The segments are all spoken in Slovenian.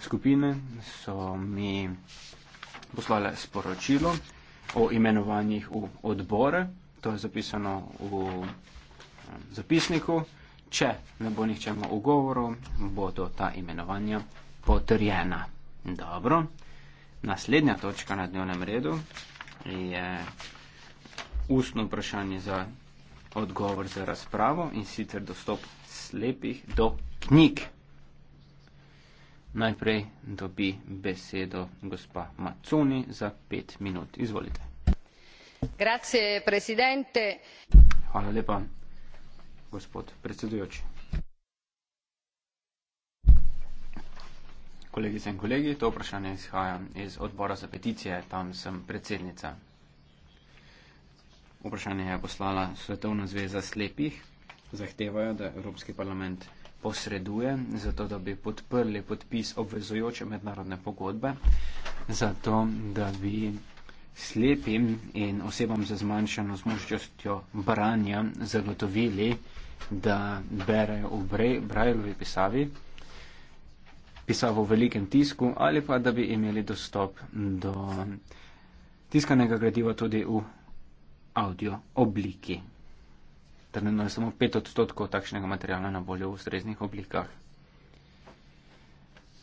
skupine so mi poslale sporočilo o imenovanjih v odbore. To je zapisano v zapisniku. Če ne bo nihče imel ugovorov, bodo ta imenovanja potrjena. Dobro. Naslednja točka na dnevnem redu je ustno vprašanje za odgovor za razpravo in sicer dostop slepih do knjig. Najprej dobi besedo gospa Macuni za pet minut. Izvolite. Grazie, presidente. Hvala lepa, gospod predsedujoči. Kolegice in kolegi, to vprašanje izhaja iz odbora za peticije, tam sem predsednica. Vprašanje je poslala Svetovna zveza slepih, zahtevajo, da Evropski parlament posreduje, zato da bi podprli podpis obvezujoče mednarodne pogodbe, zato da bi slepim in osebam za zmanjšano zmožnostjo branja zagotovili, da berejo v brajlovi pisavi, pisavo v velikem tisku ali pa da bi imeli dostop do tiskanega gradiva tudi v audio obliki. Trenutno je samo 5 odstotkov takšnega materijala na voljo v ustreznih oblikah.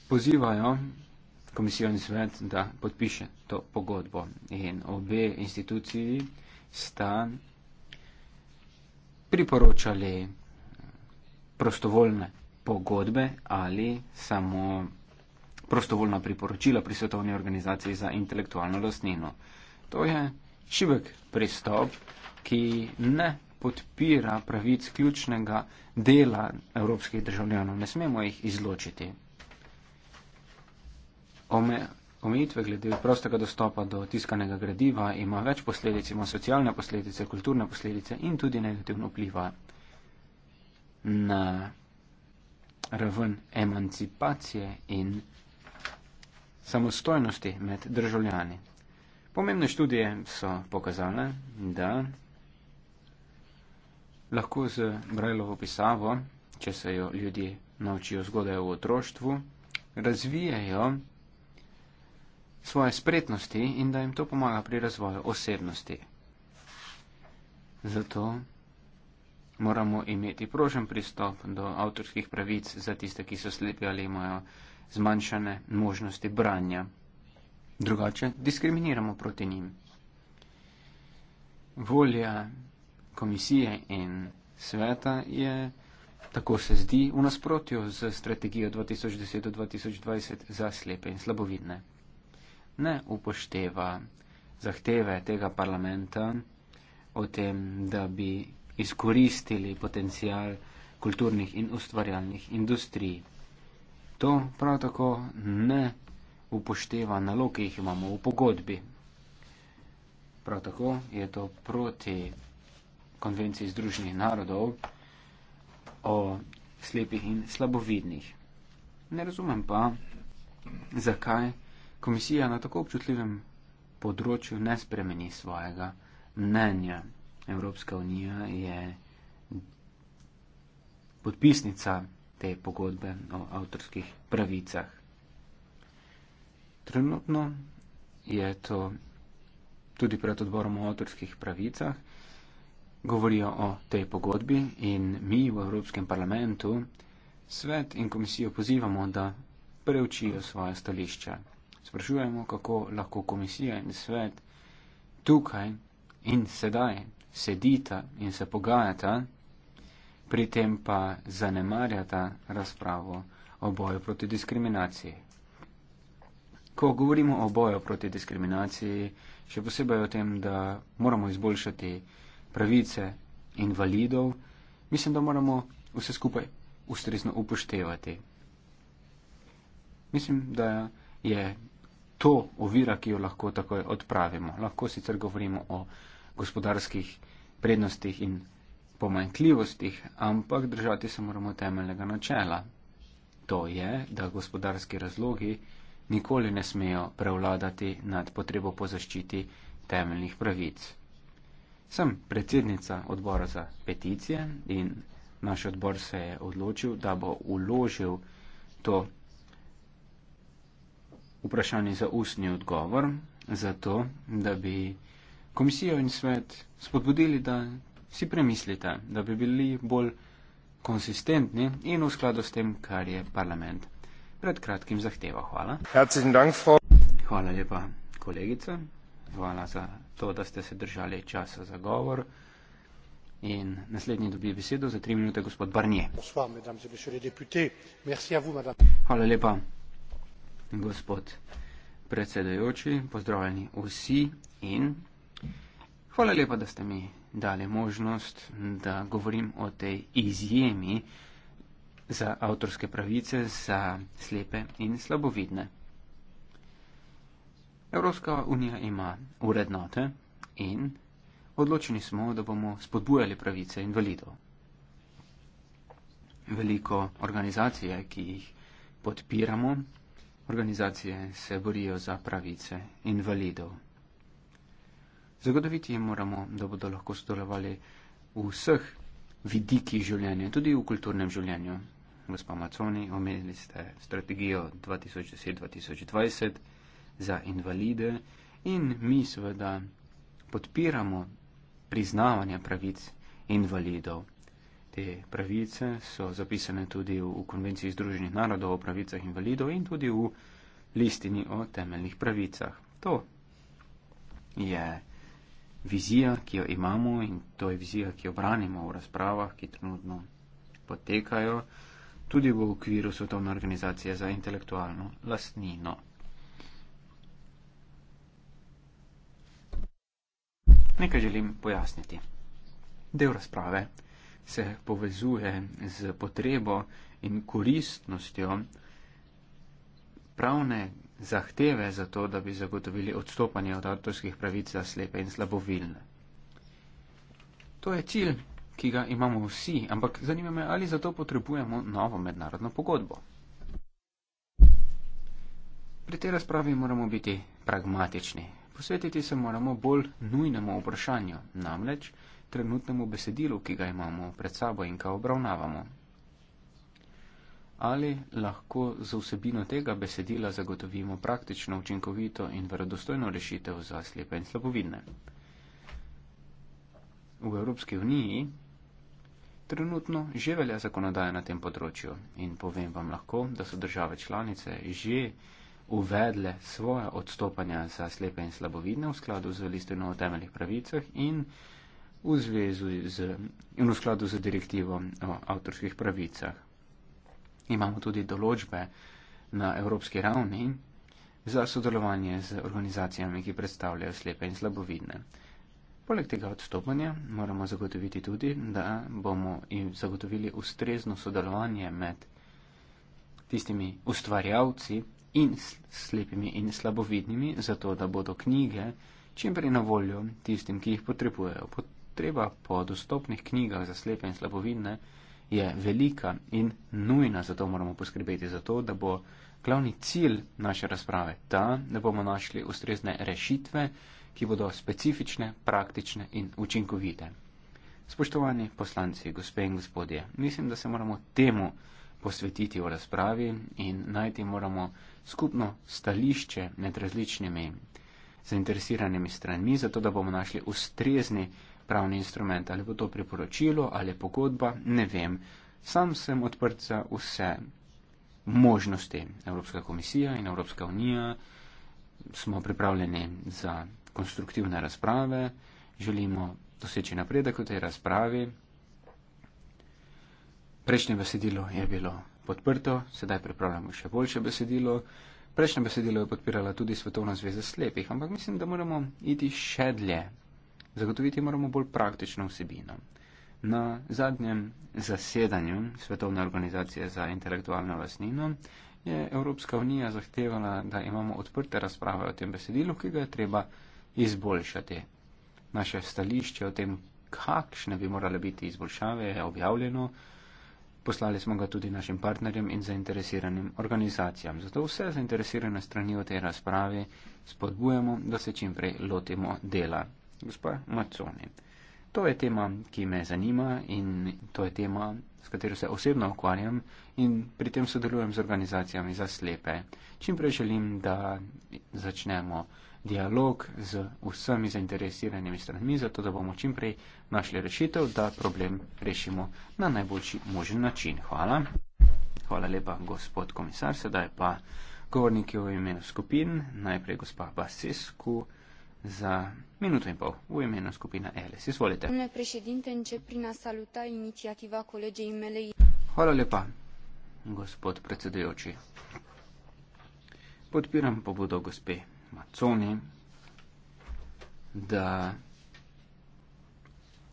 Pozivajo komisijo in svet, da podpiše to pogodbo. In obe instituciji sta priporočali prostovoljne pogodbe ali samo prostovoljna priporočila pri Svetovni organizaciji za intelektualno lastnino. To je šibek pristop, ki ne podpira pravic ključnega dela evropskih državljanov. Ne smemo jih izločiti. Ome, omejitve glede prostega dostopa do tiskanega gradiva ima več posledic, ima socialne posledice, kulturne posledice in tudi negativno vpliva na raven emancipacije in samostojnosti med državljani. Pomembne študije so pokazale, da lahko z brajlovo pisavo, če se jo ljudje naučijo zgodaj v otroštvu, razvijajo svoje spretnosti in da jim to pomaga pri razvoju osebnosti. Zato moramo imeti prožen pristop do avtorskih pravic za tiste, ki so slepi ali imajo zmanjšane možnosti branja. Drugače diskriminiramo proti njim. Volja komisije in sveta je, tako se zdi, v nasprotju z strategijo 2010-2020 za slepe in slabovidne. Ne upošteva zahteve tega parlamenta o tem, da bi izkoristili potencial kulturnih in ustvarjalnih industrij. To prav tako ne upošteva nalog, ki jih imamo v pogodbi. Prav tako je to proti konvenciji Združenih narodov o slepih in slabovidnih. Ne razumem pa, zakaj komisija na tako občutljivem področju ne spremeni svojega mnenja. Evropska unija je podpisnica te pogodbe o avtorskih pravicah. Trenutno je to tudi pred odborom o avtorskih pravicah, govorijo o tej pogodbi in mi v Evropskem parlamentu svet in komisijo pozivamo, da preučijo svoje stališča. Sprašujemo, kako lahko komisija in svet tukaj in sedaj sedita in se pogajata, pri tem pa zanemarjata razpravo o boju proti diskriminaciji. Ko govorimo o boju proti diskriminaciji, še posebej o tem, da moramo izboljšati pravice invalidov, mislim, da moramo vse skupaj ustrezno upoštevati. Mislim, da je to ovira, ki jo lahko takoj odpravimo. Lahko sicer govorimo o gospodarskih prednostih in pomanjkljivostih, ampak držati se moramo temeljnega načela. To je, da gospodarski razlogi nikoli ne smejo prevladati nad potrebo po zaščiti temeljnih pravic. Sem predsednica odbora za peticije in naš odbor se je odločil, da bo uložil to vprašanje za ustni odgovor, zato da bi komisijo in svet spodbudili, da si premislite, da bi bili bolj konsistentni in v skladu s tem, kar je parlament pred kratkim zahteval. Hvala. Hvala lepa, kolegica hvala za to, da ste se držali časa za govor. In naslednji dobi besedo za tri minute gospod Barnier. Hvala lepa, gospod predsedajoči, pozdravljeni vsi in hvala lepa, da ste mi dali možnost, da govorim o tej izjemi za avtorske pravice za slepe in slabovidne. Evropska unija ima urednote in odločeni smo, da bomo spodbujali pravice invalidov. Veliko organizacije, ki jih podpiramo, organizacije se borijo za pravice invalidov. Zagotoviti jim moramo, da bodo lahko sodelovali v vseh vidikih življenja, tudi v kulturnem življenju. Gospa Maconi, omenili ste strategijo 2010-2020 za invalide in mi seveda podpiramo priznavanje pravic invalidov. Te pravice so zapisane tudi v Konvenciji Združenih narodov o pravicah invalidov in tudi v listini o temeljnih pravicah. To je vizija, ki jo imamo in to je vizija, ki jo branimo v razpravah, ki trenutno potekajo tudi v okviru Svetovne organizacije za intelektualno lastnino. Nekaj želim pojasniti. Del razprave se povezuje z potrebo in koristnostjo pravne zahteve za to, da bi zagotovili odstopanje od avtorskih pravic za slepe in slabovilne. To je cilj, ki ga imamo vsi, ampak zanima me, ali za to potrebujemo novo mednarodno pogodbo. Pri tej razpravi moramo biti pragmatični. Posvetiti se moramo bolj nujnemu vprašanju, namreč trenutnemu besedilu, ki ga imamo pred sabo in ga obravnavamo. Ali lahko za vsebino tega besedila zagotovimo praktično, učinkovito in verodostojno rešitev za slepe in slabovidne? V Evropski uniji trenutno že velja zakonodaja na tem področju in povem vam lahko, da so države članice že uvedle svoje odstopanja za slepe in slabovidne v skladu z listino o temeljih pravicah in v, z, in v skladu z direktivo o avtorskih pravicah. Imamo tudi določbe na evropski ravni za sodelovanje z organizacijami, ki predstavljajo slepe in slabovidne. Poleg tega odstopanja moramo zagotoviti tudi, da bomo jim zagotovili ustrezno sodelovanje med tistimi ustvarjavci, in slepimi in slabovidnimi, zato da bodo knjige čim prej na voljo tistim, ki jih potrebujejo. Potreba po dostopnih knjigah za slepe in slabovidne je velika in nujna, zato moramo poskrbeti za to, da bo glavni cilj naše razprave ta, da bomo našli ustrezne rešitve, ki bodo specifične, praktične in učinkovite. Spoštovani poslanci, gospe in gospodje, mislim, da se moramo temu posvetiti v razpravi in najti moramo skupno stališče med različnimi zainteresiranimi stranmi, zato da bomo našli ustrezni pravni instrument, ali bo to priporočilo ali pogodba, ne vem. Sam sem odprt za vse možnosti. Evropska komisija in Evropska unija smo pripravljeni za konstruktivne razprave, želimo doseči napredek v tej razpravi. Prejšnje besedilo je bilo podprto, sedaj pripravljamo še boljše besedilo. Prejšnje besedilo je podpirala tudi Svetovna zveza slepih, ampak mislim, da moramo iti še dlje. Zagotoviti moramo bolj praktično vsebino. Na zadnjem zasedanju Svetovne organizacije za intelektualno lasnino je Evropska unija zahtevala, da imamo odprte razprave o tem besedilu, ki ga je treba izboljšati. Naše stališče o tem, kakšne bi morale biti izboljšave, je objavljeno. Poslali smo ga tudi našim partnerjem in zainteresiranim organizacijam. Zato vse zainteresirane strani v tej razpravi spodbujamo, da se čim prej lotimo dela. Gospa Maconi, to je tema, ki me zanima in to je tema, s katero se osebno ukvarjam in pri tem sodelujem z organizacijami za slepe. Čim prej želim, da začnemo dialog z vsemi zainteresiranimi stranmi, zato da bomo čim prej našli rešitev, da problem rešimo na najboljši možen način. Hvala. Hvala lepa, gospod komisar. Sedaj pa govorniki v imenu skupin. Najprej gospa Basescu za minuto in pol v imenu skupina LS. Izvolite. Hvala lepa, gospod predsedujoči. Podpiram pobudo gospe Maconi, da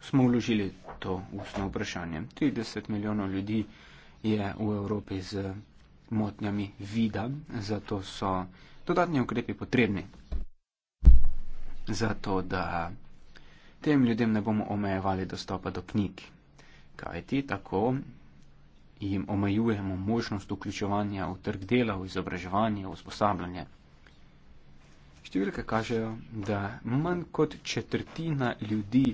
smo vložili to ustno vprašanje. 30 milijonov ljudi je v Evropi z motnjami vida, zato so dodatni ukrepi potrebni. Zato, da tem ljudem ne bomo omejevali dostopa do knjig, kajti tako jim omejujemo možnost vključevanja v trg dela, v izobraževanje, v usposabljanje. Številke kažejo, da manj kot četrtina ljudi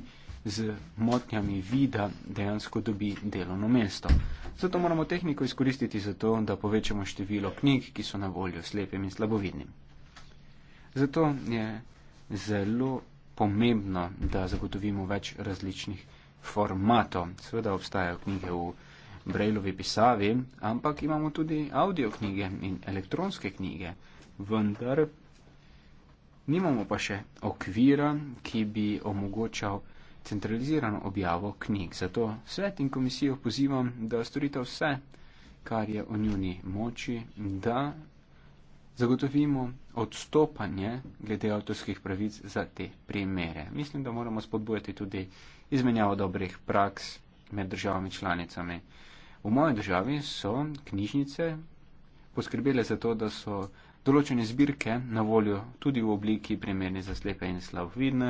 z motnjami vida dejansko dobi delovno mesto. Zato moramo tehniko izkoristiti za to, da povečamo število knjig, ki so na voljo slepim in slabovidnim. Zato je zelo pomembno, da zagotovimo več različnih formatov. Sveda obstajajo knjige v brejlovi pisavi, ampak imamo tudi audio knjige in elektronske knjige, vendar Nimamo pa še okvira, ki bi omogočal centralizirano objavo knjig. Zato svet in komisijo pozivam, da storite vse, kar je v njuni moči, da zagotovimo odstopanje glede avtorskih pravic za te primere. Mislim, da moramo spodbujati tudi izmenjavo dobrih praks med državami članicami. V moji državi so knjižnice poskrbele za to, da so določene zbirke na voljo tudi v obliki primerne za slepe in slabovidne,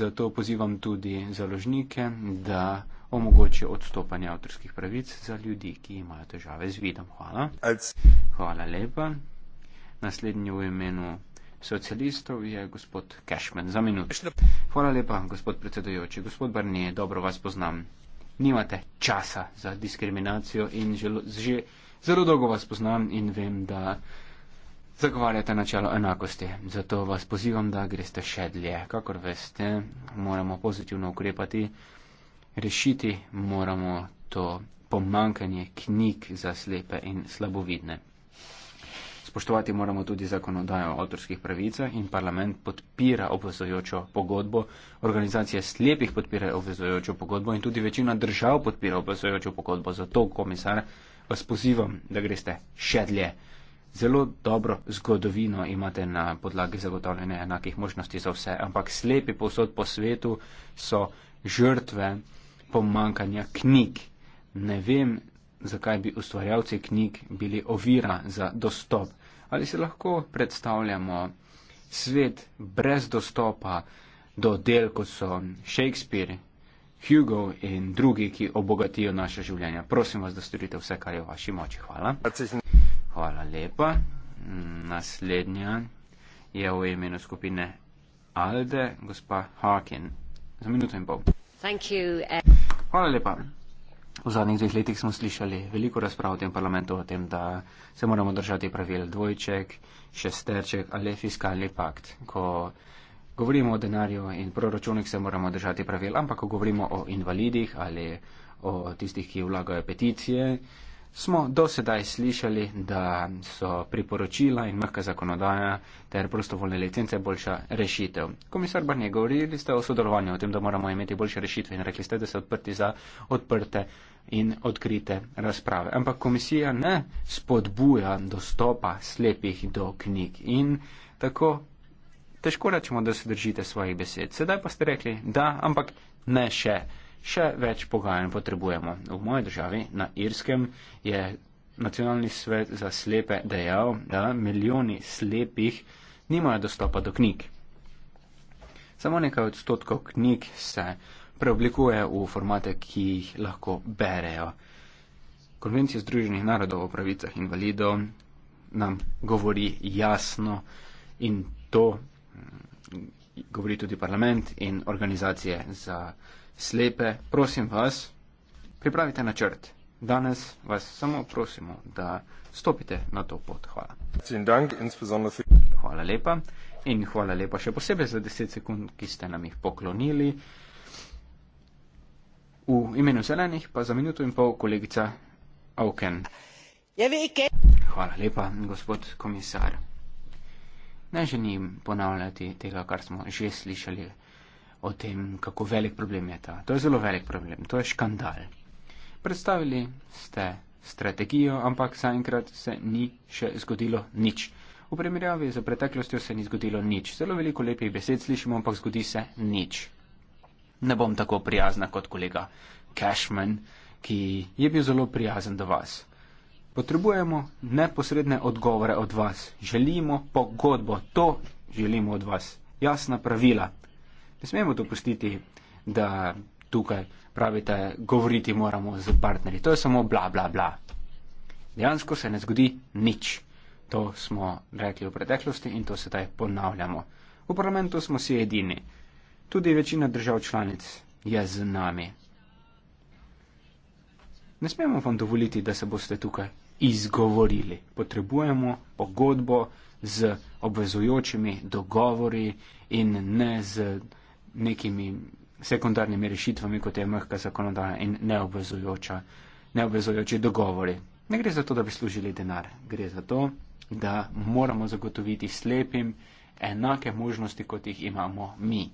zato pozivam tudi založnike, da omogočijo odstopanje avtorskih pravic za ljudi, ki imajo težave z vidom. Hvala. Hvala lepa. Naslednji v imenu socialistov je gospod Cashman za minuto. Hvala lepa, gospod predsedujoči. Gospod Barnije, dobro vas poznam. Nimate časa za diskriminacijo in že, že zelo dolgo vas poznam in vem, da zagovarjate načelo enakosti. Zato vas pozivam, da greste še dlje. Kakor veste, moramo pozitivno ukrepati, rešiti moramo to pomankanje knjig za slepe in slabovidne. Spoštovati moramo tudi zakonodajo o avtorskih pravicah in parlament podpira obvezojočo pogodbo. Organizacije slepih podpira obvezojočo pogodbo in tudi večina držav podpira obvezojočo pogodbo. Zato, komisar, vas pozivam, da greste še dlje zelo dobro zgodovino imate na podlagi zagotovljene enakih možnosti za vse, ampak slepi povsod po svetu so žrtve pomankanja knjig. Ne vem, zakaj bi ustvarjalci knjig bili ovira za dostop. Ali si lahko predstavljamo svet brez dostopa do del, kot so Shakespeare, Hugo in drugi, ki obogatijo naše življenje? Prosim vas, da storite vse, kar je v vaši moči. Hvala. Hvala. Hvala lepa. Naslednja je v imenu skupine Alde, gospa Hawking. Za minuto in pol. You, uh... Hvala lepa. V zadnjih dveh letih smo slišali veliko razprav v tem parlamentu o tem, da se moramo držati pravil dvojček, šesterček ali fiskalni pakt. Ko govorimo o denarju in proračunih, se moramo držati pravil, ampak ko govorimo o invalidih ali o tistih, ki vlagajo peticije, uh, smo dosedaj slišali, da so priporočila in mehka zakonodaja ter prostovoljne licence boljša rešitev. Komisar Barnje, govorili ste o sodelovanju, o tem, da moramo imeti boljše rešitve in rekli ste, da so odprti za odprte in odkrite razprave. Ampak komisija ne spodbuja dostopa slepih do knjig in tako težko rečemo, da se držite svojih besed. Sedaj pa ste rekli, da, ampak ne še še več pogajanj potrebujemo. V moji državi, na Irskem, je nacionalni svet za slepe dejal, da milijoni slepih nimajo dostopa do knjig. Samo nekaj odstotkov knjig se preoblikuje v formate, ki jih lahko berejo. Konvencija Združenih narodov o pravicah invalidov nam govori jasno in to mm, govori tudi parlament in organizacije za slepe, prosim vas, pripravite načrt. Danes vas samo prosimo, da stopite na to pot. Hvala. Hvala lepa in hvala lepa še posebej za 10 sekund, ki ste nam jih poklonili. V imenu zelenih pa za minuto in pol kolegica Auken. Ja, hvala lepa, gospod komisar. Ne želim ponavljati tega, kar smo že slišali o tem, kako velik problem je ta. To je zelo velik problem, to je škandal. Predstavili ste strategijo, ampak zaenkrat se ni še zgodilo nič. V primerjavi z preteklostjo se ni zgodilo nič. Zelo veliko lepih besed slišimo, ampak zgodi se nič. Ne bom tako prijazna kot kolega Cashman, ki je bil zelo prijazen do vas. Potrebujemo neposredne odgovore od vas. Želimo pogodbo. To želimo od vas. Jasna pravila, ne smemo dopustiti, da tukaj pravite, govoriti moramo z partnerji. To je samo bla, bla, bla. Dejansko se ne zgodi nič. To smo rekli v preteklosti in to sedaj ponavljamo. V parlamentu smo si edini. Tudi večina držav članic je z nami. Ne smemo vam dovoliti, da se boste tukaj izgovorili. Potrebujemo pogodbo z obvezujočimi dogovori in ne z nekimi sekundarnimi rešitvami, kot je mehka zakonodaja in neobvezujoča, neobvezujoči dogovori. Ne gre za to, da bi služili denar, gre za to, da moramo zagotoviti slepim enake možnosti, kot jih imamo mi.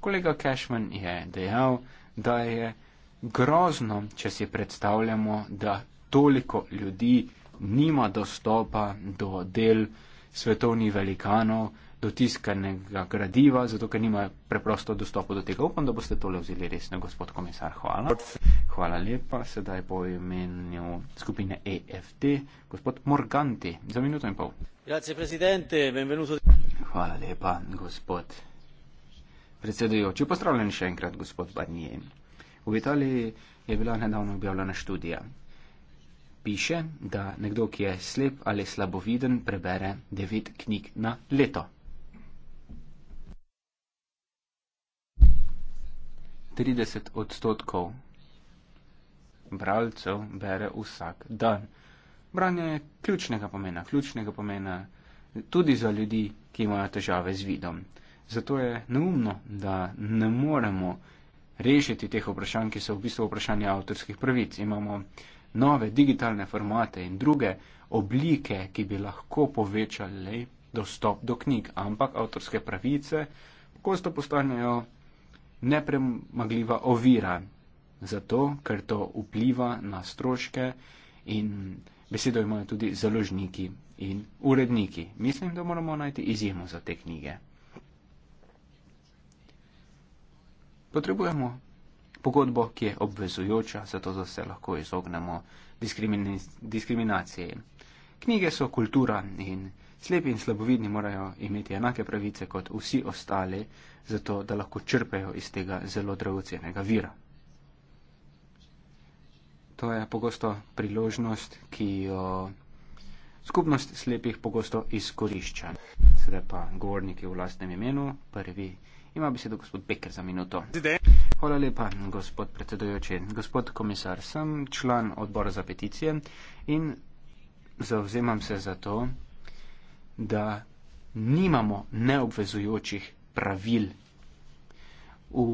Kolega Cashman je dejal, da je grozno, če si predstavljamo, da toliko ljudi nima dostopa do del svetovnih velikanov, dotiskanega gradiva, zato ker nima preprosto dostopa do tega. Upam, da boste tole vzeli resno, gospod komisar. Hvala. Hvala lepa. Sedaj po imenu skupine EFT, gospod Morganti, za minuto in pol. Hvala lepa, gospod predsedujoči. Pozdravljen še enkrat, gospod Barnier. V Italiji je bila nedavno objavljena študija. Piše, da nekdo, ki je slep ali slaboviden, prebere devet knjig na leto. 30 odstotkov bralcev bere vsak dan. Branje je ključnega pomena, ključnega pomena tudi za ljudi, ki imajo težave z vidom. Zato je neumno, da ne moremo rešiti teh vprašanj, ki so v bistvu vprašanje avtorskih pravic. Imamo nove digitalne formate in druge oblike, ki bi lahko povečali dostop do knjig, ampak avtorske pravice pogosto postanejo nepremagljiva ovira, zato ker to vpliva na stroške in besedo imajo tudi založniki in uredniki. Mislim, da moramo najti izjemo za te knjige. Potrebujemo pogodbo, ki je obvezujoča, zato da se lahko izognemo diskrimin diskriminaciji. Knjige so kultura in. Slepi in slabovidni morajo imeti enake pravice kot vsi ostali, zato da lahko črpajo iz tega zelo dragocenega vira. To je pogosto priložnost, ki jo skupnost slepih pogosto izkorišča. Sedaj pa govorniki v lastnem imenu, prvi ima besedo gospod Beker za minuto. Hvala lepa, gospod predsedojoči. Gospod komisar, sem član odbora za peticije in zauzemam se za to, da nimamo neobvezujočih pravil. V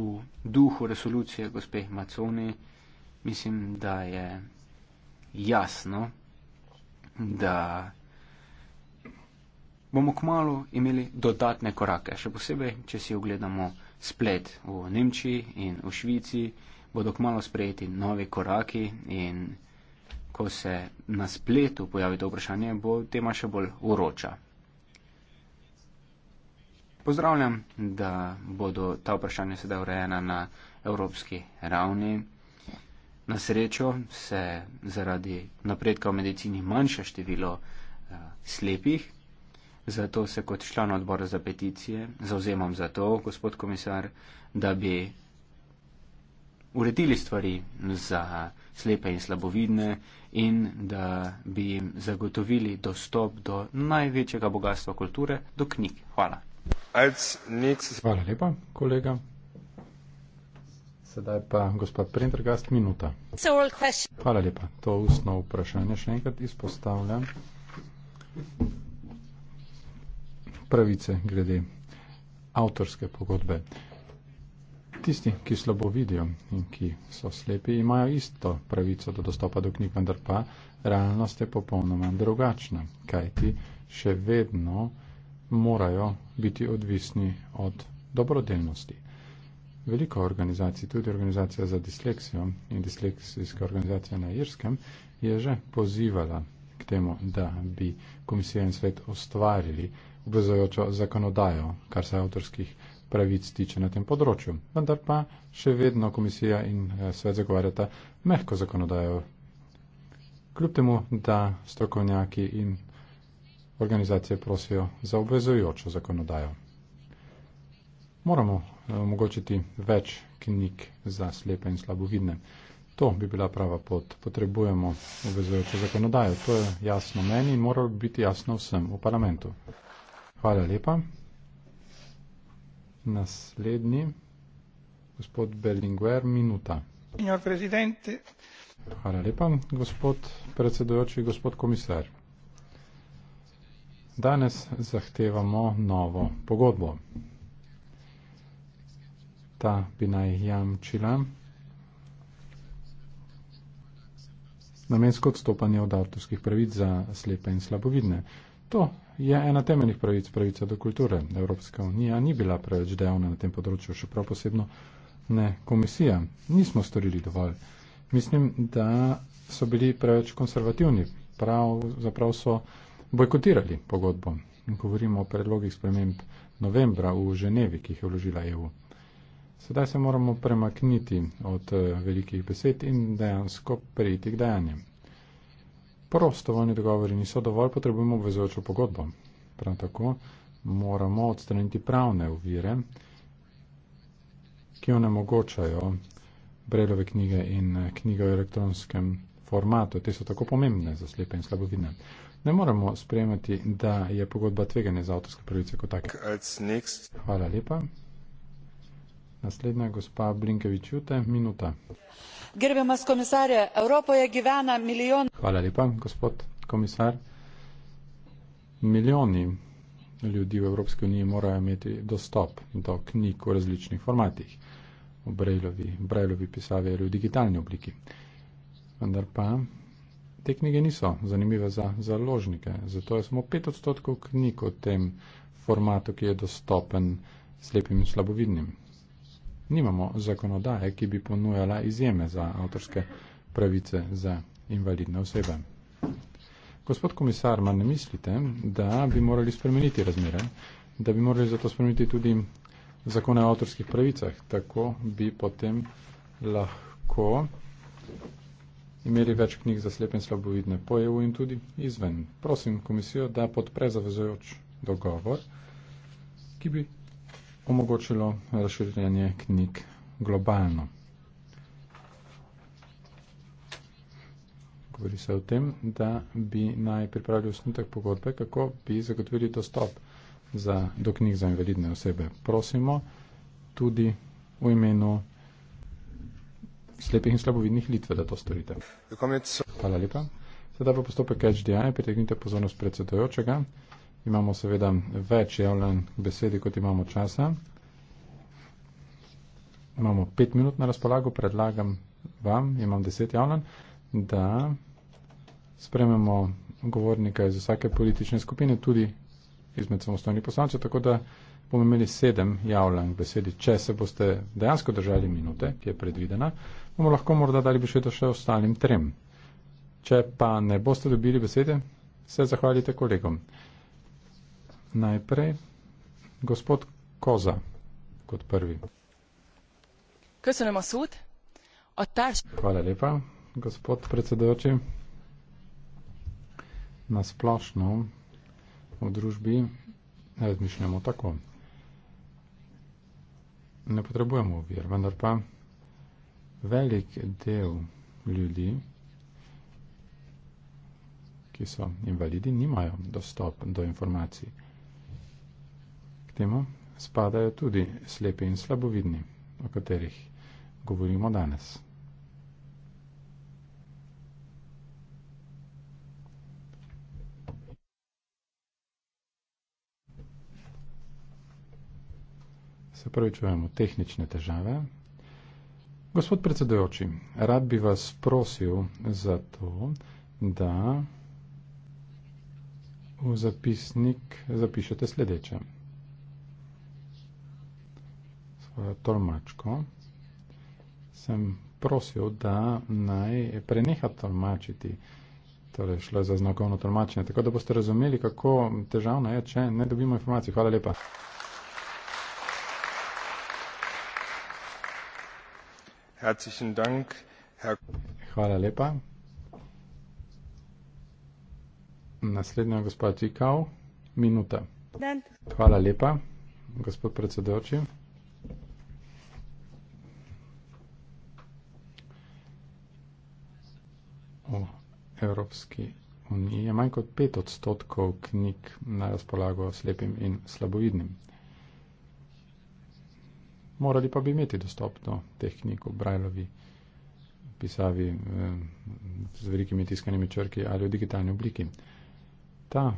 duhu resolucije gospe Maconi mislim, da je jasno, da bomo kmalo imeli dodatne korake. Še posebej, če si ogledamo splet v Nemčiji in v Švici, bodo kmalo sprejeti novi koraki in ko se na spletu pojavi to vprašanje, bo tema še bolj uroča pozdravljam, da bodo ta vprašanja sedaj urejena na evropski ravni. Na srečo se zaradi napredka v medicini manjša število uh, slepih, zato se kot član odbora za peticije zauzemam za to, gospod komisar, da bi uredili stvari za slepe in slabovidne in da bi jim zagotovili dostop do največjega bogatstva kulture, do knjig. Hvala. Hvala lepa, kolega. Sedaj pa gospod Prendergast, minuta. Hvala lepa. To ustno vprašanje še enkrat izpostavljam. Pravice glede avtorske pogodbe. Tisti, ki slabo vidijo in ki so slepi, imajo isto pravico do dostopa do knjig, vendar pa realnost je popolnoma drugačna. Kajti še vedno morajo biti odvisni od dobrodelnosti. Veliko organizacij, tudi organizacija za disleksijo in disleksijska organizacija na Irskem, je že pozivala k temu, da bi komisija in svet ustvarili obvezojočo zakonodajo, kar se avtorskih pravic tiče na tem področju. Vendar pa še vedno komisija in eh, svet zagovarjata mehko zakonodajo. Kljub temu, da strokovnjaki in organizacije prosijo za obvezujočo zakonodajo. Moramo eh, omogočiti več knjig za slepe in slabovidne. To bi bila prava pot. Potrebujemo obvezujočo zakonodajo. To je jasno meni in moralo bi biti jasno vsem v parlamentu. Hvala lepa. Naslednji, gospod Berlinguer, minuta. Hvala lepa, gospod predsedujoči, gospod komisar. Danes zahtevamo novo pogodbo. Ta bi naj jamčila namensko odstopanje od avtorskih pravic za slepe in slabovidne. To je ena temeljnih pravic, pravica do kulture. Evropska unija ni bila preveč dejavna na tem področju, še prav posebno ne komisija. Nismo storili dovolj. Mislim, da so bili preveč konservativni. Prav, zaprav so bojkotirali pogodbo. Govorimo o predlogih sprememb novembra v Ženevi, ki jih je vložila EU. Sedaj se moramo premakniti od eh, velikih besed in dejansko prejiti k dejanjem. Prostovoljni dogovori niso dovolj, potrebujemo obvezujočo pogodbo. Prav tako moramo odstraniti pravne uvire, ki onemogočajo brelove knjige in eh, knjige v elektronskem formatu. Te so tako pomembne za slepe in slabovidne ne moramo sprejemati, da je pogodba tveganja za avtorske pravice kot take. Hvala lepa. Naslednja gospa Blinkevič Jute, minuta. Gerbiamas komisarje, Evropoje gyvena milijon. Hvala lepa, gospod komisar. Milijoni ljudi v Evropski uniji morajo imeti dostop do knjig v različnih formatih, v brejlovi, brejlovi pisave ali v digitalni obliki. Vendar pa te knjige niso zanimive za založnike. Zato je samo 5 odstotkov knjig v tem formatu, ki je dostopen slepim in slabovidnim. Nimamo zakonodaje, ki bi ponujala izjeme za avtorske pravice za invalidne osebe. Gospod komisar, ma ne mislite, da bi morali spremeniti razmere, da bi morali zato spremeniti tudi zakone o avtorskih pravicah, tako bi potem lahko imeli več knjig za slepe in slabovidne po EU in tudi izven. Prosim komisijo, da podpre zavezojoč dogovor, ki bi omogočilo razširjanje knjig globalno. Govori se o tem, da bi naj pripravili osnutek pogodbe, kako bi zagotovili dostop za, do knjig za invalidne osebe. Prosimo tudi v imenu slepih in slabovidnih Litve, da to storite. Hvala lepa. Sedaj pa postopek HDI, pritegnite pozornost predsedojočega. Imamo seveda več javljen besedi, kot imamo časa. Imamo pet minut na razpolago, predlagam vam, imam deset javljen, da sprememo govornika iz vsake politične skupine, tudi izmed samostojnih poslancev, tako da bomo imeli sedem javljanj k besedi. Če se boste dejansko držali minute, ki je predvidena, bomo lahko morda dali besedo še ostalim trem. Če pa ne boste dobili besede, se zahvalite kolegom. Najprej gospod Koza kot prvi. Hvala lepa, gospod predsedoči. Na splošno v družbi ne razmišljamo tako ne potrebujemo ovir, vendar pa velik del ljudi, ki so invalidi, nimajo dostop do informacij. K temu spadajo tudi slepi in slabovidni, o katerih govorimo danes. se pravi, čujemo tehnične težave. Gospod predsedujoči, rad bi vas prosil za to, da v zapisnik zapišete sledeče. Svojo tolmačko sem prosil, da naj preneha tolmačiti. Torej, šlo je za znakovno tolmačenje, tako da boste razumeli, kako težavno je, če ne dobimo informacij. Hvala lepa. Herzlichen Dank, Herr Hvala lepa. Naslednja gospa Tikao, minuta. Dan. Hvala lepa, gospod predsedujoči. O Evropski uniji je manj kot pet odstotkov knjig na razpolago slepim in slabovidnim morali pa bi imeti dostop do teh knjig v Brajlovi pisavi eh, z velikimi tiskanimi črki ali v digitalni obliki. Ta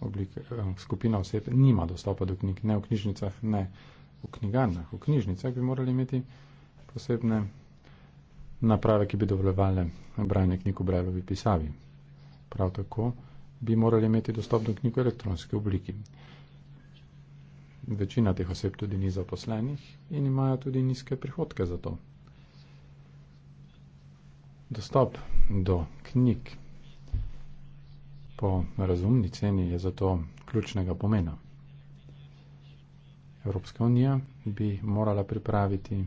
oblik, eh, skupina oseb nima dostopa do knjig, ne v knjižnicah, ne v knjigarnah. V knjižnicah bi morali imeti posebne naprave, ki bi dovoljevale branje knjig v Brajlovi pisavi. Prav tako bi morali imeti dostop do knjig v elektronski obliki. Eh, večina teh oseb tudi ni zaposlenih in imajo tudi nizke prihodke za to. Dostop do knjig po razumni ceni je zato ključnega pomena. Evropska unija bi morala pripraviti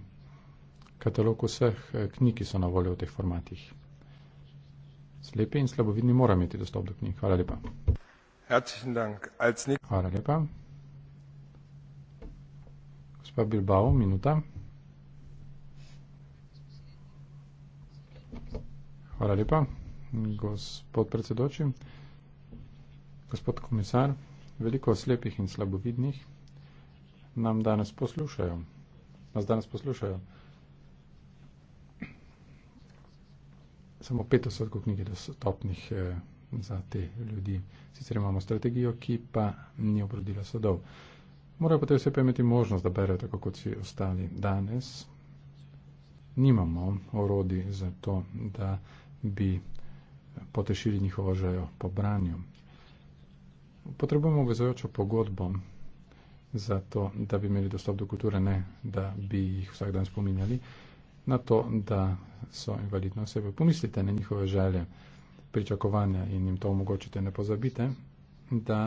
katalog vseh eh, knjig, ki so na voljo v teh formatih. Slepi in slabovidni morajo imeti dostop do knjig. Hvala lepa. Hvala lepa pa Bilbao, minuta. Hvala lepa, gospod predsedoči, gospod komisar, veliko slepih in slabovidnih nam danes poslušajo. Nas danes poslušajo. Samo pet odstotkov knjige dostopnih eh, za te ljudi. Sicer imamo strategijo, ki pa ni obrodila sodov. Morajo pa te osebe imeti možnost, da berejo tako, kot si ostali danes. Nimamo orodi za to, da bi potešili njihovo žejo po branju. Potrebujemo obvezojočo pogodbo za to, da bi imeli dostop do kulture, ne da bi jih vsak dan spominjali na to, da so invalidne osebe. Pomislite na njihove želje, pričakovanja in jim to omogočite, ne pozabite, da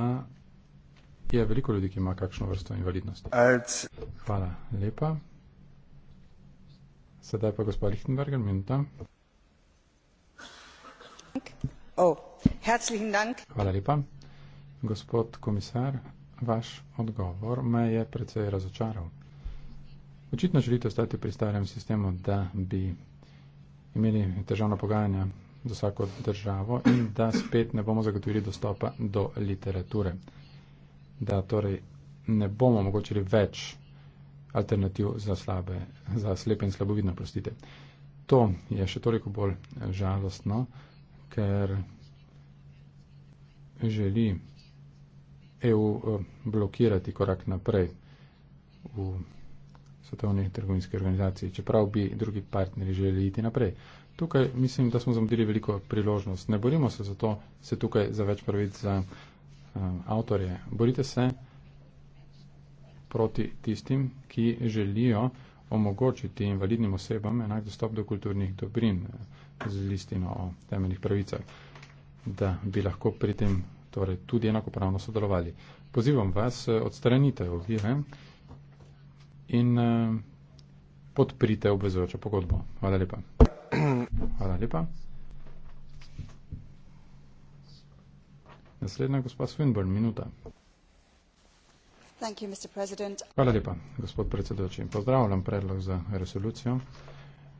Je veliko ljudi, ki ima kakšno vrsto invalidnosti. Als Hvala lepa. Sedaj pa gospod Lichtenberger, minuta. Oh, Hvala lepa. Gospod komisar, vaš odgovor me je precej razočaral. Očitno želite ostati pri starem sistemu, da bi imeli težavno pogajanje za vsako državo in da spet ne bomo zagotovili dostopa do literature da torej ne bomo omogočili več alternativ za slabe, za slepe in slabovidne, prostite. To je še toliko bolj žalostno, ker želi EU eh, blokirati korak naprej v svetovni trgovinski organizaciji, čeprav bi drugi partneri želeli iti naprej. Tukaj mislim, da smo zamudili veliko priložnost. Ne borimo se zato, se tukaj za več pravic za avtor je, borite se proti tistim, ki želijo omogočiti invalidnim osebam enak dostop do kulturnih dobrin eh, z listino o temeljnih pravicah, da bi lahko pri tem torej, tudi enakopravno sodelovali. Pozivam vas, eh, odstranite ovire in eh, podprite obvezujočo pogodbo. Hvala lepa. Hvala lepa. Naslednja gospa Svinborn, minuta. You, Hvala lepa, gospod predsedoči. Pozdravljam predlog za resolucijo.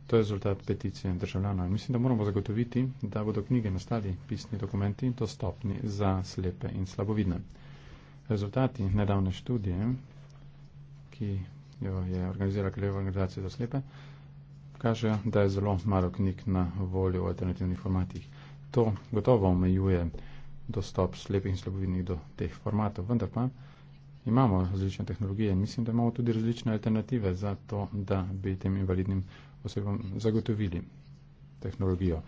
To je rezultat peticije državljanov. Mislim, da moramo zagotoviti, da bodo knjige nastali pisni dokumenti in dostopni za slepe in slabovidne. Rezultati nedavne študije, ki jo je organizirala Kraljeva organizacija za slepe, kaže, da je zelo malo knjig na voljo v alternativnih formatih. To gotovo omejuje dostop slepih in slabovidnih do teh formatov. Vendar pa imamo različne tehnologije in mislim, da imamo tudi različne alternative za to, da bi tem invalidnim osebam zagotovili tehnologijo.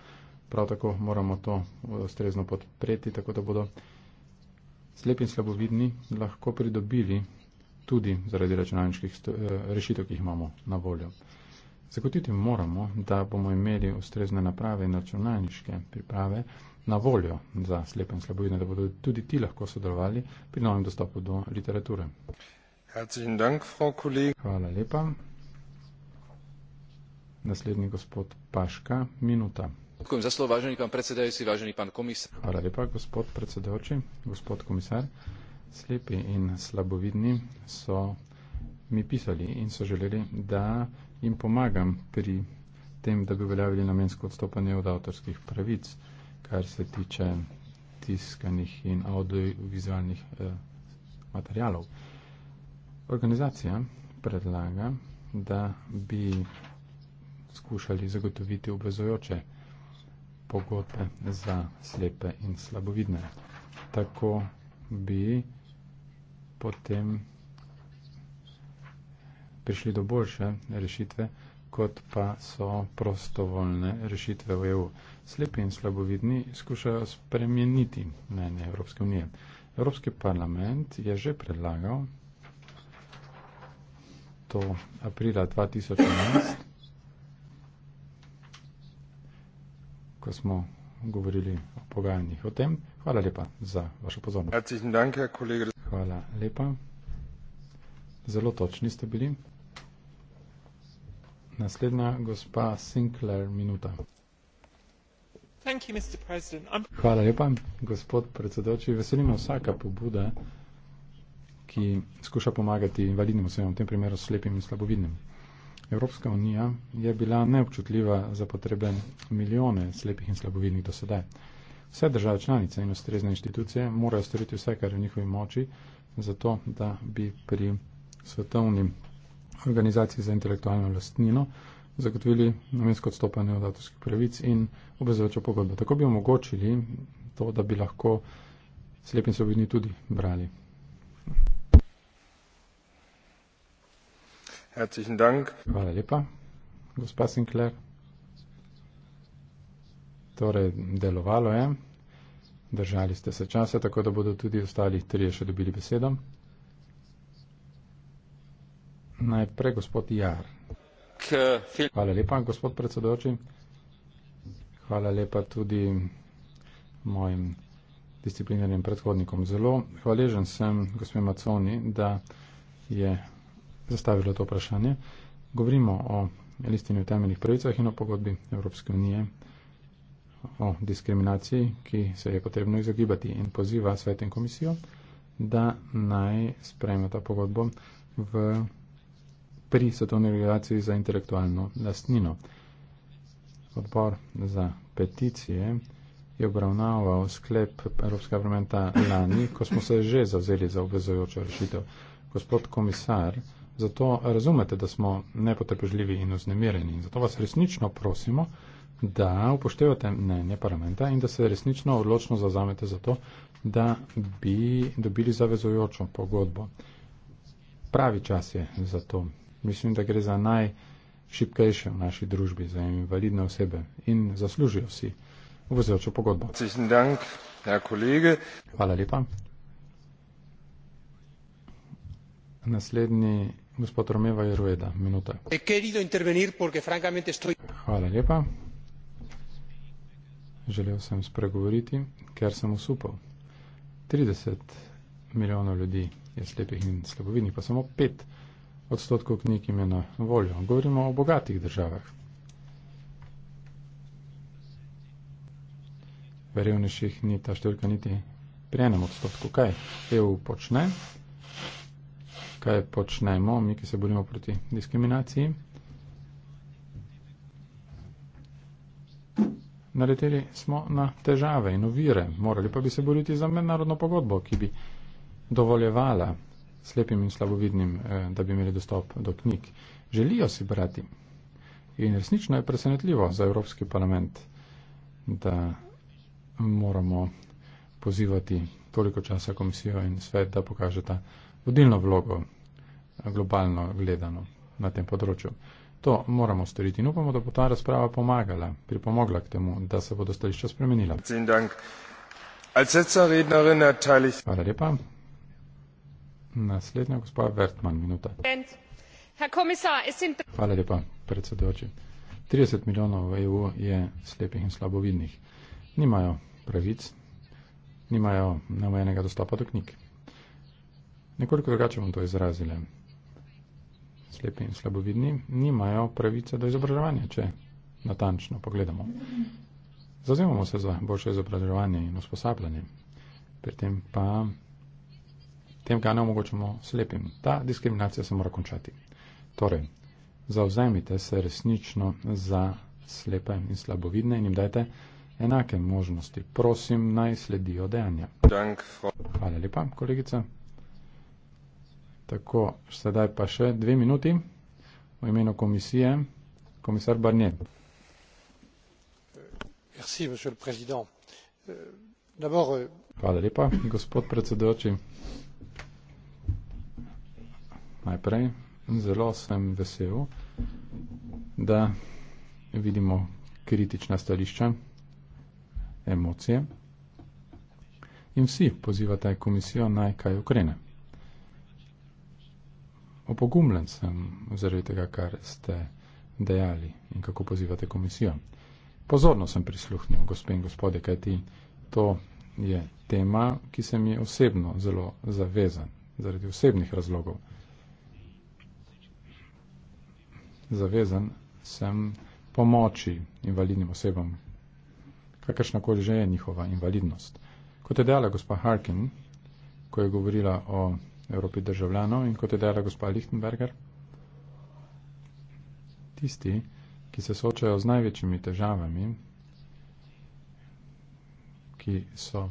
Prav tako moramo to ustrezno podpreti, tako da bodo slepi in slabovidni lahko pridobili tudi zaradi računalniških eh, rešitev, ki jih imamo na voljo. Zagotiti moramo, da bomo imeli ustrezne naprave in računalniške priprave, na voljo za slepe in slabovidne, da bodo tudi ti lahko sodelovali pri novem dostopu do literature. Hvala lepa. Naslednji gospod Paška, minuta. Ďakujem za slovo, vážený pán predsedajúci, vážený pán komisár. Hvala lepa, gospod predsedajúci, gospod komisár. Slepi in slabovidni so mi pisali in so želeli, da jim pomagam pri tem, da bi uveljavili namensko odstopanje od avtorskih pravic kar se tiče tiskanih in audiovizualnih eh, materijalov. Organizacija predlaga, da bi skušali zagotoviti obvezujoče pogodbe za slepe in slabovidne. Tako bi potem prišli do boljše rešitve, kot pa so prostovoljne rešitve v EU. Slepi in slabovidni skušajo spremeniti mnenje Evropske unije. Evropski parlament je že predlagal to aprila 2011, ko smo govorili o pogajanjih o tem. Hvala lepa za vašo pozornost. Hvala lepa. Zelo točni ste bili. Naslednja gospa Sinclair, minuta. Hvala lepa, gospod predsedoči. Veselimo vsaka pobuda, ki skuša pomagati invalidnim osebam, v tem primeru slepim in slabovidnim. Evropska unija je bila neobčutljiva za potrebe milijone slepih in slabovidnih do sedaj. Vse države članice in ustrezne inštitucije morajo storiti vse, kar je v njihovi moči, zato da bi pri svetovni organizacije za intelektualno lastnino zagotovili namensko odstopanje od avtorskih pravic in obvezujočo pogodbo. Tako bi omogočili to, da bi lahko slepi in slobodni tudi brali. Herzlichen Dank. Hvala lepa, gospa Sinclair. Torej, delovalo je, držali ste se časa, tako da bodo tudi ostali trije še dobili besedo. Najprej gospod Jar. Hvala lepa, gospod predsedoči. Hvala lepa tudi mojim discipliniranim predhodnikom. Zelo hvaležen sem gospod Maconi, da je zastavila to vprašanje. Govorimo o listini o temeljnih pravicah in o pogodbi Evropske unije o diskriminaciji, ki se je potrebno izogibati in poziva svetem komisijo, da naj sprejme ta pogodbo v pri Svetovni organizaciji za intelektualno lastnino. Odbor za peticije je obravnaval sklep Evropskega parlamenta lani, ko smo se že zavzeli za obvezojočo rešitev. Gospod komisar, zato razumete, da smo nepotrpežljivi in oznemireni. Zato vas resnično prosimo, da upoštevate mnenje parlamenta in da se resnično odločno zazamete za to, da bi dobili zavezojočo pogodbo. Pravi čas je za to mislim, da gre za najšipkejše v naši družbi, za invalidne osebe in zaslužijo si obvezujočo pogodbo. Hvala lepa. Naslednji gospod Romeva je Rueda, minuta. Hvala lepa. Želel sem spregovoriti, ker sem usupal. 30 milijonov ljudi je slepih in slabovidnih, pa samo 5 milijonov odstotkov knjig ime na voljo. Govorimo o bogatih državah. V revnejših ni ta številka niti pri enem odstotku. Kaj EU počne? Kaj počnemo mi, ki se borimo proti diskriminaciji? Naleteli smo na težave in ovire. Morali pa bi se boriti za mednarodno pogodbo, ki bi dovoljevala slepim in slabovidnim, eh, da bi imeli dostop do knjig. Želijo si brati. In resnično je presenetljivo za Evropski parlament, da moramo pozivati toliko časa komisijo in svet, da pokažeta vodilno vlogo eh, globalno gledano na tem področju. To moramo storiti in upamo, da bo ta razprava pomagala, pripomogla k temu, da se bodo stališča spremenila. Hvala lepa. Hvala lepa, predsedujoči. 30 milijonov v EU je slepih in slabovidnih. Nimajo pravic, nimajo neomejenega dostopa do knjig. Nekoliko drugače bom to izrazile. Slepi in slabovidni nimajo pravice do izobraževanja, če natančno pogledamo. Zazemamo se za boljše izobraževanje in usposabljanje. Pri tem pa tem, kar ne omogočamo slepim. Ta diskriminacija se mora končati. Torej, zauzemite se resnično za slepe in slabovidne in jim dajte enake možnosti. Prosim, naj sledijo dejanja. Hvala lepa, kolegica. Tako, sedaj pa še dve minuti v imenu komisije. Komisar Barnier. Merci, monsieur le président. Euh, euh, Hvala lepa, gospod predsedujoči najprej. Zelo sem vesel, da vidimo kritična stališča, emocije in vsi pozivate komisijo naj kaj ukrene. Opogumljen sem zaradi tega, kar ste dejali in kako pozivate komisijo. Pozorno sem prisluhnil, gospe in gospode, kajti to je tema, ki se mi osebno zelo zavezan zaradi osebnih razlogov zavezan sem pomoči invalidnim osebam, kakršnakoli že je njihova invalidnost. Kot je dejala gospa Harkin, ko je govorila o Evropi državljanov in kot je dejala gospa Lichtenberger, tisti, ki se soočajo z največjimi težavami, ki so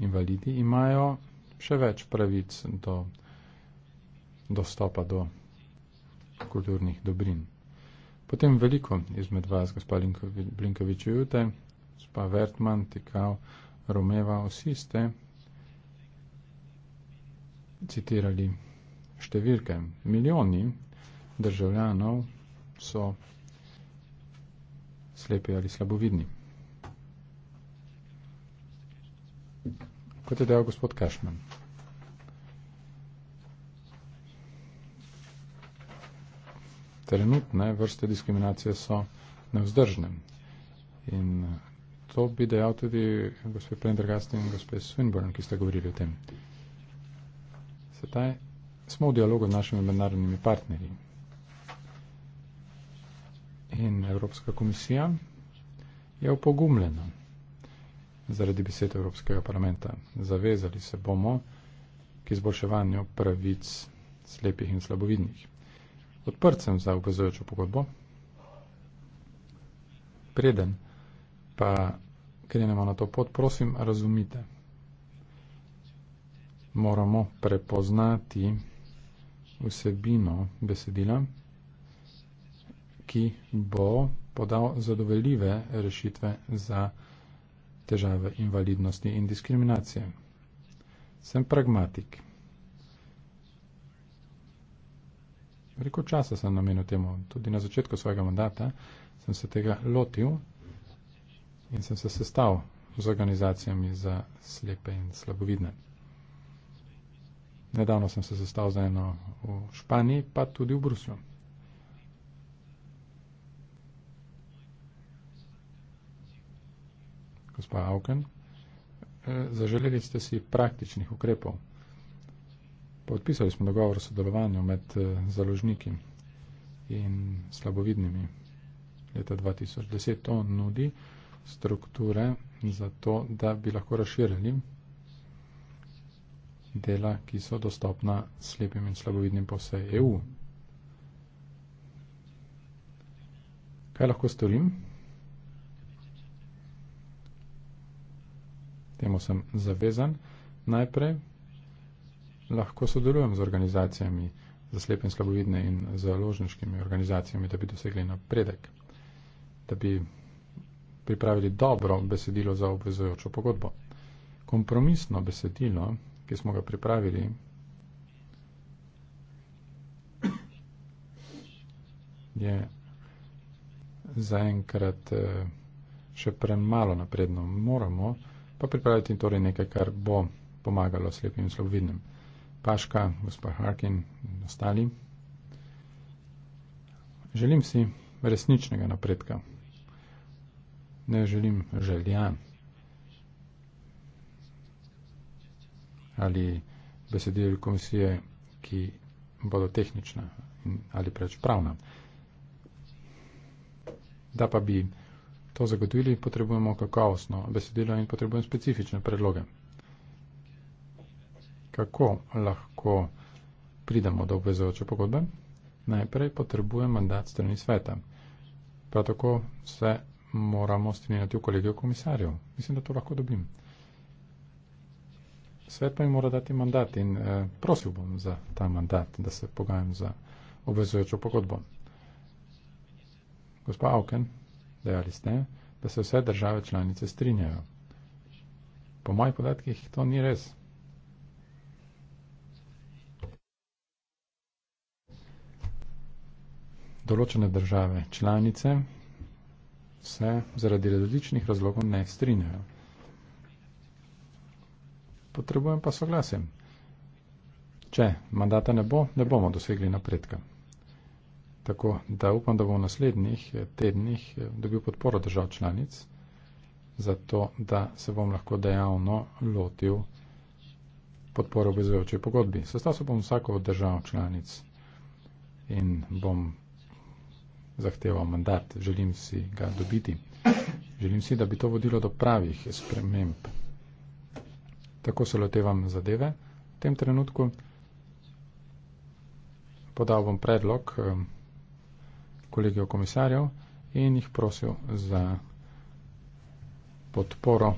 invalidi, imajo še več pravic do dostopa do kulturnih dobrin. Potem veliko izmed vas, gospa Blinkovič Jute, gospa Vertman, Tikal, Romeva, vsi ste citirali številke. Milijoni državljanov so slepi ali slabovidni. Kot je dejal gospod Kašman. trenutne vrste diskriminacije so nevzdržne. In to bi dejal tudi gospod Prendergast in gospod Swinburne, ki ste govorili o tem. Sedaj smo v dialogu z našimi mednarodnimi partnerji. In Evropska komisija je upogumljena zaradi besed Evropskega parlamenta. Zavezali se bomo k izboljševanju pravic slepih in slabovidnih. Odprt sem za obvezujočo pogodbo. Preden pa krenemo na to pot, prosim, razumite. Moramo prepoznati vsebino besedila, ki bo podal zadovoljive rešitve za težave invalidnosti in diskriminacije. Sem pragmatik. veliko časa sem namenil temu, tudi na začetku svojega mandata sem se tega lotil in sem se sestal z organizacijami za slepe in slabovidne. Nedavno sem se sestal za eno v Španiji, pa tudi v Bruslju. Gospa Auken, eh, zaželeli ste si praktičnih ukrepov podpisali smo dogovor o sodelovanju med eh, založniki in slabovidnimi. Leta 2010 to nudi strukture za to, da bi lahko razširili dela, ki so dostopna slepim in slabovidnim po vsej EU. Kaj lahko storim? Temu sem zavezan. Najprej lahko sodelujem z organizacijami za slepe in slabovidne in z ložniškimi organizacijami, da bi dosegli napredek, da bi pripravili dobro besedilo za obvezujočo pogodbo. Kompromisno besedilo, ki smo ga pripravili, je zaenkrat eh, še premalo napredno. Moramo pa pripraviti torej nekaj, kar bo pomagalo slepim in slabovidnim. Paška, gospod Harkin in ostali. Želim si resničnega napredka. Ne želim želja ali besedil komisije, ki bodo tehnična ali preč pravna. Da pa bi to zagotovili, potrebujemo kakovostno besedilo in potrebujemo specifične predloge kako lahko pridemo do obvezujoče pogodbe, najprej potrebuje mandat strani sveta. Prav tako se moramo strinjati v kolegijo komisarjev. Mislim, da to lahko dobim. Svet pa mi mora dati mandat in eh, prosil bom za ta mandat, da se pogajam za obvezujočo pogodbo. Gospa Auken, dejali ste, da se vse države članice strinjajo. Po mojih podatkih to ni res. določene države članice se zaradi različnih razlogov ne strinjajo. Potrebujem pa soglasje. Če mandata ne bo, ne bomo dosegli napredka. Tako da upam, da bom v naslednjih eh, tednih eh, dobil podporo držav članic, zato da se bom lahko dejavno lotil podporo obvezujočej pogodbi. Sestal se bom vsako od držav članic in bom zahteval mandat, želim si ga dobiti. Želim si, da bi to vodilo do pravih sprememb. Tako se lotevam zadeve v tem trenutku. Podal bom predlog kolegijo komisarjev in jih prosil za podporo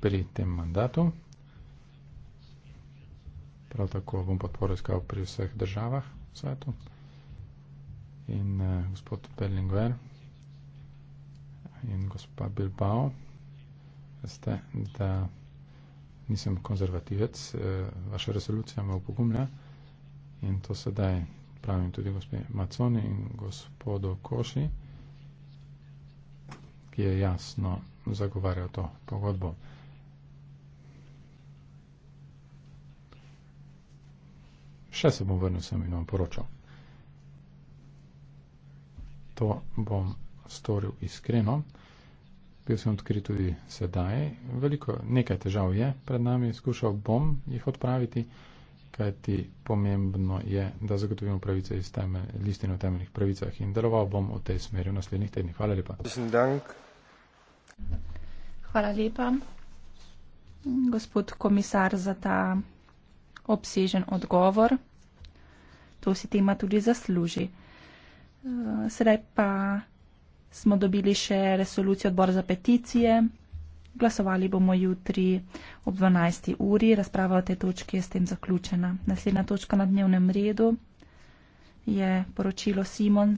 pri tem mandatu. Prav tako bom podporo iskal pri vseh državah v svetu in uh, gospod Berlinguer in gospa Bilbao. Veste, da nisem konzervativec, uh, vaša resolucija me upogumlja in to sedaj pravim tudi gospe Maconi in gospodu Koši, ki je jasno zagovarjal to pogodbo. Še se bom vrnil sem in vam poročal to bom storil iskreno. Bil sem odkrit tudi sedaj. Veliko, nekaj težav je pred nami, skušal bom jih odpraviti, kajti pomembno je, da zagotovimo pravice iz teme, listine o temeljnih pravicah in deloval bom v tej smeri v naslednjih tednih. Hvala lepa. Hvala lepa, gospod komisar, za ta obsežen odgovor. To si tema tudi zasluži. Eh, sedaj pa smo dobili še resolucijo odbora za peticije. Glasovali bomo jutri ob 12. uri. Razprava o tej točki je s tem zaključena. Naslednja točka na dnevnem redu je poročilo Simon.